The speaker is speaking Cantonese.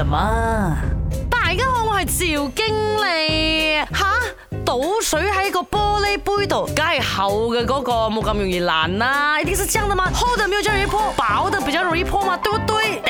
什麼大家好，我係趙經理。吓，倒水喺個玻璃杯度，梗係厚嘅嗰個冇咁容易爛啦，啊。一定是這樣的嗎？厚的沒有咁容易破，薄的比較容易破嘛，對不對？